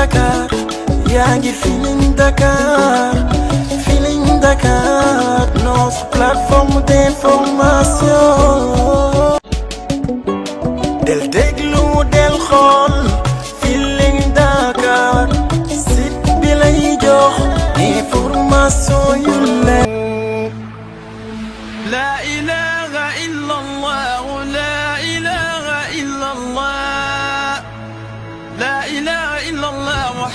Dakar yaa ngi Feeling Dakar Feeling Dakar notre plateforme del déglu del xool Feeling Dakar site bi lay jox information yu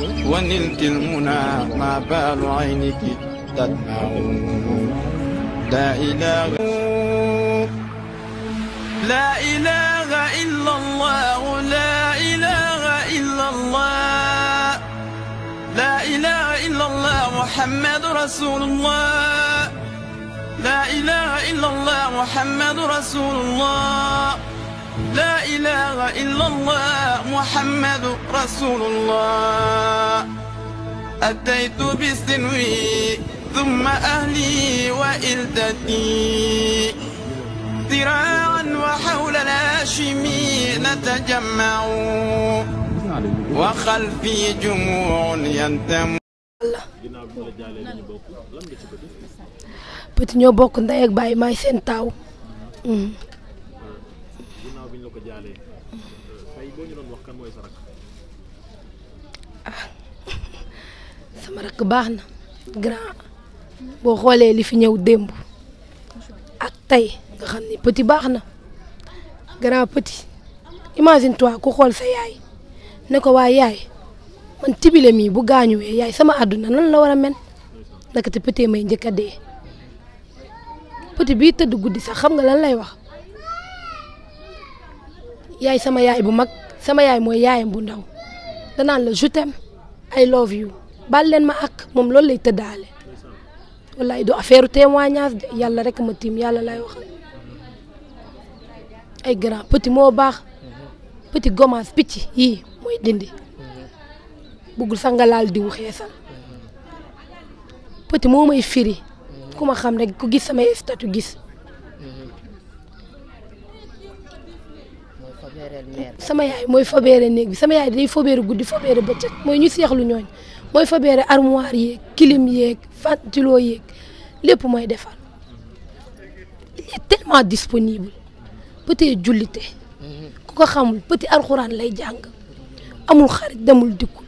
ونلت المنى ما بال عينك تدمع لا إله لا إله إلا الله لا إله إلا الله لا إله إلا الله محمد رسول الله لا إله إلا الله محمد رسول الله لا إله إلا الله محمد رسول الله أتيت بسنوي ثم أهلي وإلدتي ذراعا وحول الهاشمي نتجمع وخلفي جموع ينتمون Petit ñoo bokk ndey ak baay maay seen taaw sama rakk baax na grand boo xoolee li fi ñëw démb ak tey nga xam ni petit baax na grand petit imagine toi ku xool sa yaay ne ko waa yaay man tibile mii bu gaañuwee yaay sama àdduna nan la war a mel ndakate petit may njëkk a dee petit bii tëdd guddi sax xam nga lan lay wax yaay sama yaay bu mag sama yaay mooy yaayam bu ndaw danaan la je I love you baal leen ma ak moom loolu lay tëddaale wallaay du affaire témoignage de yàlla rek ma tiim yàlla lay waxal ay grand petit moo baax petit gommage picc yii mooy dindi buggul sax nga laal diwu xeesal petit moo may firi ku ma xam rek ku gis samay statut gis sama yaay mooy fobeere néeg bi sama yaay day fobeere guddi fobeere bëccëg mooy ñu seexlu ñooñ mooy fabeere armoire yeeg clim yeeg ventilo yeeg lépp mooy defar il est tellement disponible Petit jullite ku ko xamul Petit alxuraan lay jàng amul xarit demul dikkul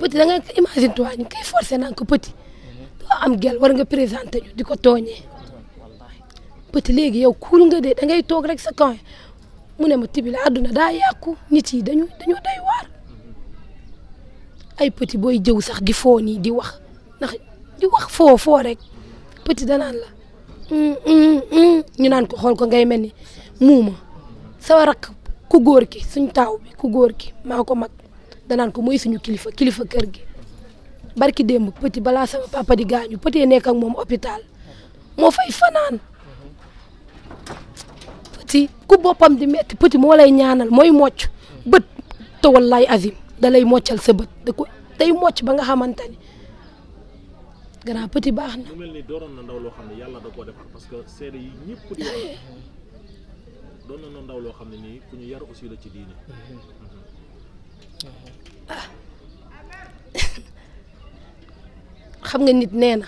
Petit da nga imagine toi ñu koy forcé naan ko Petit doo am gel war nga présenté ñu di ko tooñee Petit léegi yow kuul nga de da ngay toog rek sa kaw mu ne ma tibi la àdduna daa yàqu nit yi dañu dañoo day waar ay petit booy jëw sax di foo nii di wax ndax di wax foo rek petit danaan la mm, mm, mm. ñu naan ko xool ko ngay mel ni muuma sama rakk ku góor ki suñ taaw bi ku góor ki maa ko mag danaan ko mooy suñu kilifa kilifa kër gi barki démb petit balaa sama papa di gaañu petit nekk ak moom hôpital moo fay fanaan petit ku boppam di metti petit moo lay ñaanal mooy mocc bët te wallaay azim da lay moccal sa bët da ko day mocc ba nga xamante ni grand petit baax na. mu mel na ndaw loo xam ne yàlla da koo defar parce que seede yi ñëpp di doon na ndaw loo xam ne nii ku ñu yar aussi la ci diine. Ah. xam nga nit nee na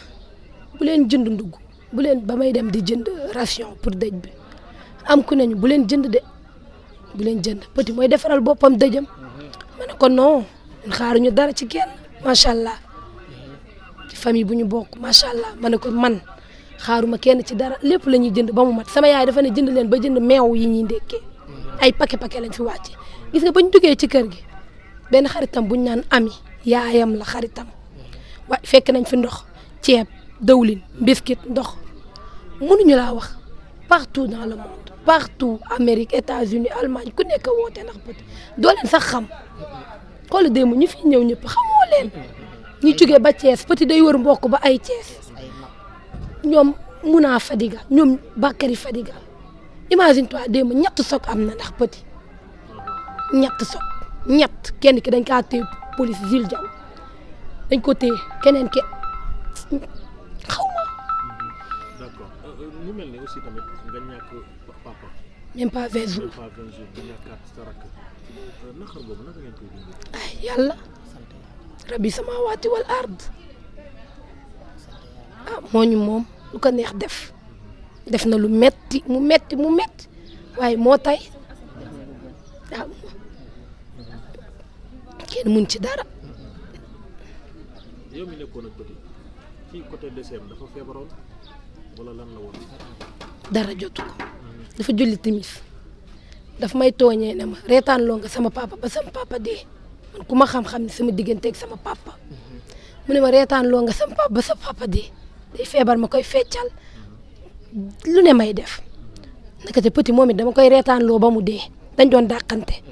bu leen jënd ndugg bu leen ba may dem di jënd ration pour dëj bi am ku nañu bu leen jënd de bu leen jënd pëti mooy defaral boppam dëjam. kon non xaaruñu dara ci kenn macha allah ci famille bu ñu bokk macha allah ma ne ko man ma kenn ci dara lépp la ñuy jënd ba mu mat sama yaay dafa ne jënd leen ba jënd meew yi ñuy ndekkee ay paquet paquet lañ fi wàcce gis nga bañ duggee ci kër gi benn xaritam buñ naan ami yaayam la xaritam wa nañ fi ndox ceeb dawlin biscuit ndox mënuñu laa wax partout dans le monde partout Amérique États-Unis Allemagne ku nekk woote ndax peut doo leen sax xam xool démb ñu fi ñëw ñëpp xamoo leen ñu jógee ba Thiès petit day wër mbokk ba ay Thiès ñoom Muna Fadiga ñoom Bakary Fadiga imagine toi démb ñett soog am na ndax petit ñett soog ñett kenn ki dañ kaa téye police ville jam dañ ko téye keneen ki xaw ma. papa. même pas vingt jours. ay euh, ah, yàlla. rabbi samaawaati ard. ah moo ñu moom lu ko neex def. def na lu metti mu metti mu metti waaye moo tay waaw ah. kenn mun ci dara. yow mi nekkoon ak Petit ci côté dafa dara jotu ko. dafa julli timis daf may tooñee ne ma reetaan loo nga sama papa ba sama papa dee man ku ma xam-xam ne sama diggante ak sama papa mu ne ma reetaan loo nga sama papa dee day feebar ma koy feccal lu ne may def naka te petit moom i dama koy reetaan loo ba mu dee dañ doon dàqante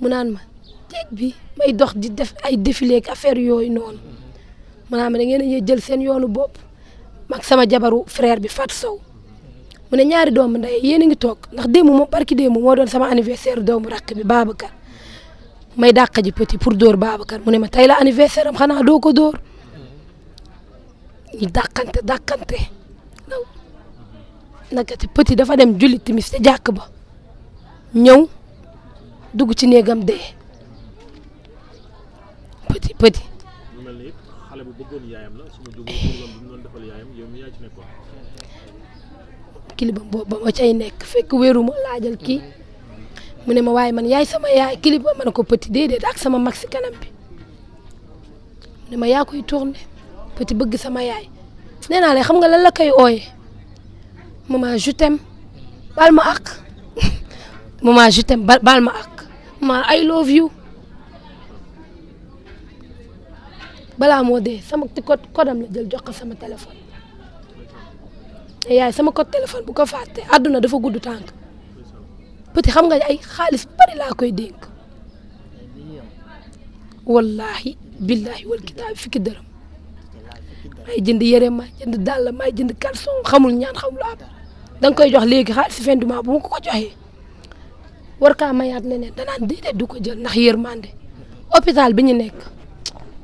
mu naan ma jeeg bi may dox di def ay défilé ak affaire yooyu noonu maanaam da ngeen a jël seen yoonu bopp mag sama jabaru frère bi fat Sow mu ne ñaari doomu ndey yéen a ngi toog ndax démb moom barki démb moo doon sama anniversaire doomu rakk bi Babacar may dàq ji petit pour dóor Babacar mu ne ma tey la anniversaire am xanaa doo ko dóor ñu dàqante dàqante ndaw nakati dafa dem juli timis te jàkk ba ñëw dugg ci néegam dee petit petit. xale bu bëggoon yaayam kilibam boobu ba ma cay nekk fekk weeru ma laajal ki mu ne ma waaye man yaay sama yaay kiliba ma ne ko petit déedéet ak sama mag si kanam bi mu ne ma yaa koy tourné petit bëgg sama yaay ne naa leen xam nga lan la koy ooye maman je t'aime baal ma ak maman je t'aime baal ma ak maman I love you balaa moo dee sama code code am la jël jox ko sama téléphone. te yaay sama ko téléphone bu ko fàtte àdduna dafa gudd tànk petit xam nga ay xaalis bari la koy dénk wallaahi billaahi wal kitaabi fikki dërëm may jënd yére may jënd dàll may jënd caleçon xamul ñaan xamul koy jox léegi xaalis fin bu ma ko ko joxee war kaa mayaat leneen danaan déedéet du ko jël ndax yërmande hopital bi ñu nekk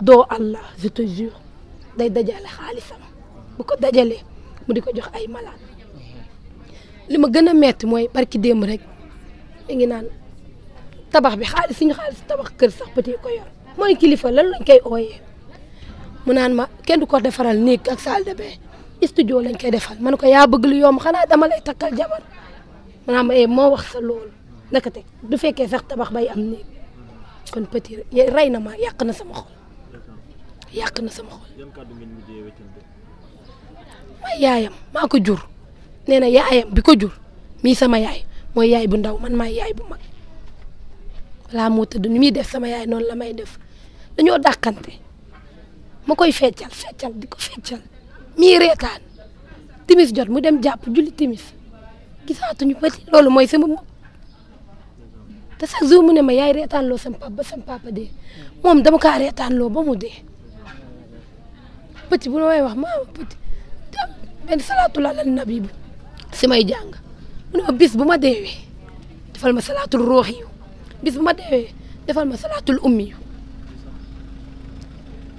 doo Allah day dajale xaalisam bu ko dajalee mu di ko jox ay malade li ma gën a metti mooy barki démb rek mi ngi naan tabax bi xaalis suñu xaalis tabax kër sax petit ko yor mooy kilifa lan lañ koy ooyee mu naan ma kenn du ko defaral néeg ak salle de bain studio lañ koy ma man ko yaa bëgg lu yoom xanaa dama lay takkal jabar ma naan ma eh, moo wax sa loolu naka teg du fekkee sax tabax bay am néeg kon petit rey na ma yàq na sama xol yàq na sama xol. mooy yaayam maa ko jur nee na yaayam bi ko jur mii sama yaay mooy yaay bu ndaw man maay yaay bu mag balaa moo tëdd ni muy def sama yaay noonu la may def dañoo dàqante ma koy feccal feccal di feccal mii reetaan timis jot mu dem jàpp julli timis gisaatuñu petit loolu mooy sama moom te chaque jour mu ne ma yaay reetaan loo sama papa ba sama papa dee moom dama kaa reetaan loo ba mu dee petit bu may wax maama petit benn salaatul alal nabi bu si may jàng mu ma bis bu ma deewee defal ma salaatul rooxi yu bis bu ma deewee defal ma salaatul ummi yu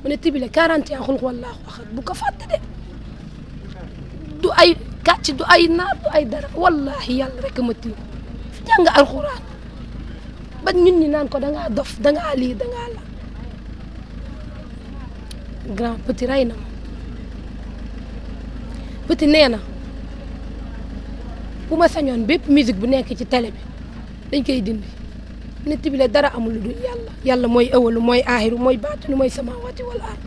mu ne tibile 41 xul wallaahu axad bu ko fàtte de du ay kàcc du ay naar du ay dara wallaahi yàlla rek ma tiim fi alxuraan ba ñun ñi naan ko danga dof dangaa lii dangaa la grand petit rey na Petit nee na bu ma sañoon bépp musique bu nekk ci télé bi dañ koy dindi nit bi la dara amul lu dul yàlla mooy ëwalu mooy aaxiru mooy baatinu mooy samaawaati wal ard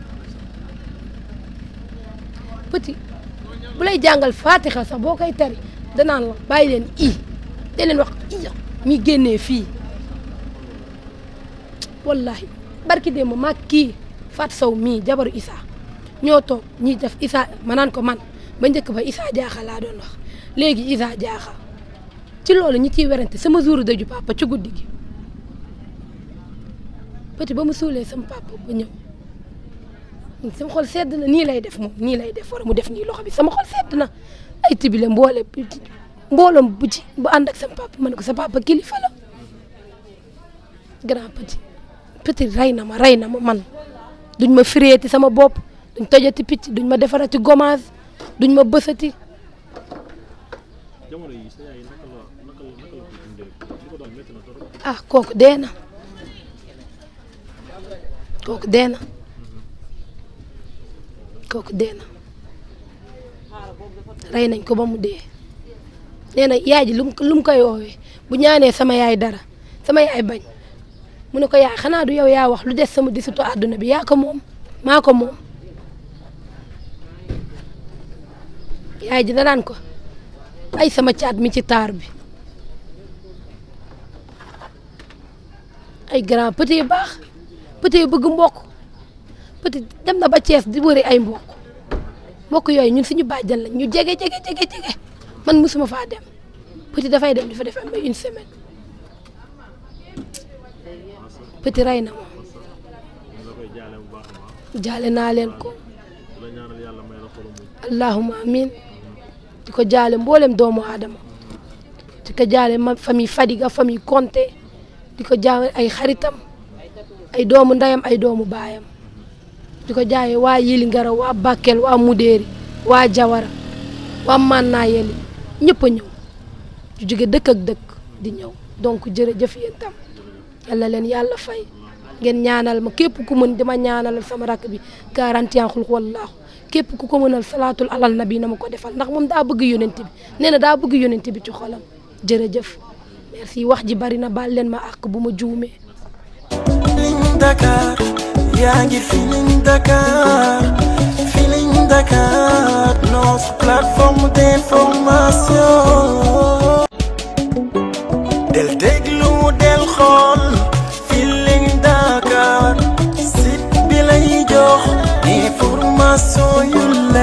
Petit bu lay jàngal faatixa sax boo koy tari danaan la bàyyi leen i da leen wax iya mi génnee fii wallahi barki démb ma kii Fatou saw mii jabaru Issa ñoo toog ñiy def Issa ma naan ko man ba njëkk ba Issa Diakha laa doon wax léegi Issa Diakha ci loolu ñi ciy werante sama jour daju papa ci guddi gi petit ba mu suulee sama papa ba ñëw sama xol sedd na nii lay def moom nii lay def war mu def nii loxo bi sama xol sedd na ay tibile mboole mboolom bu ci bu ànd ak sama papa man ko sa papa kilifa la grand petit petit rey na ma rey na ma man duñ ma fireeti sama bopp duñ tojati picc duñ ma defara defarati gommage duñ ma bësati. ah kooku dee na kooku dee na kooku dee na rey nañ ko ba mu dee nee na yaay ji lu mu lu mu bu ñaanee sama yaay dara sama yaay bañ mu ne ko yaa xanaa du yow yaa wax lu des sama desitu àdduna bi yaa ko moom maa ko moom. yaay ji danaan ko ay sama caat mi ci taar bi ay grand petit yu baax petit yu bëgg mbokk petit dem na ba Cees di wëri ay mbokk mbokk yooyu ñun suñu bàjjan lañ ñu jege jege jege jege man mosuma faa dem petit dafay dem dafa def am une semaine petit rey na moom jaale naa leen ko allahumma amin di ko jaale mboolem doomu aadama di ko jaale ma famille Fadiga famille Konté di ko jaale ay xaritam ay doomu ndayam ay doomu baayam di ko jaayee waa Yilingara waa Bakel waa Mudéeri waa Jawara waa Mannaayeli ñëpp a ñëw di jóge dëkk ak dëkk di ñëw donc jërëjëf yéen tam yàlla leen yàlla fay ngeen ñaanal ma képp ku mën dama ñaanal sama rakk bi garanti xul wallaahu képp ku ko mënal salaatul alal nabi na ma ko defal ndax moom daa bëgg yonent bi nee daa bëgg yonent bi ci xolam jërëjëf merci wax ji bari na baal leen ma àq bu ma juumee. Feeling Dakar yaa ngi Feeling Dakar Feeling Dakar notre plateforme d'information. del façon yu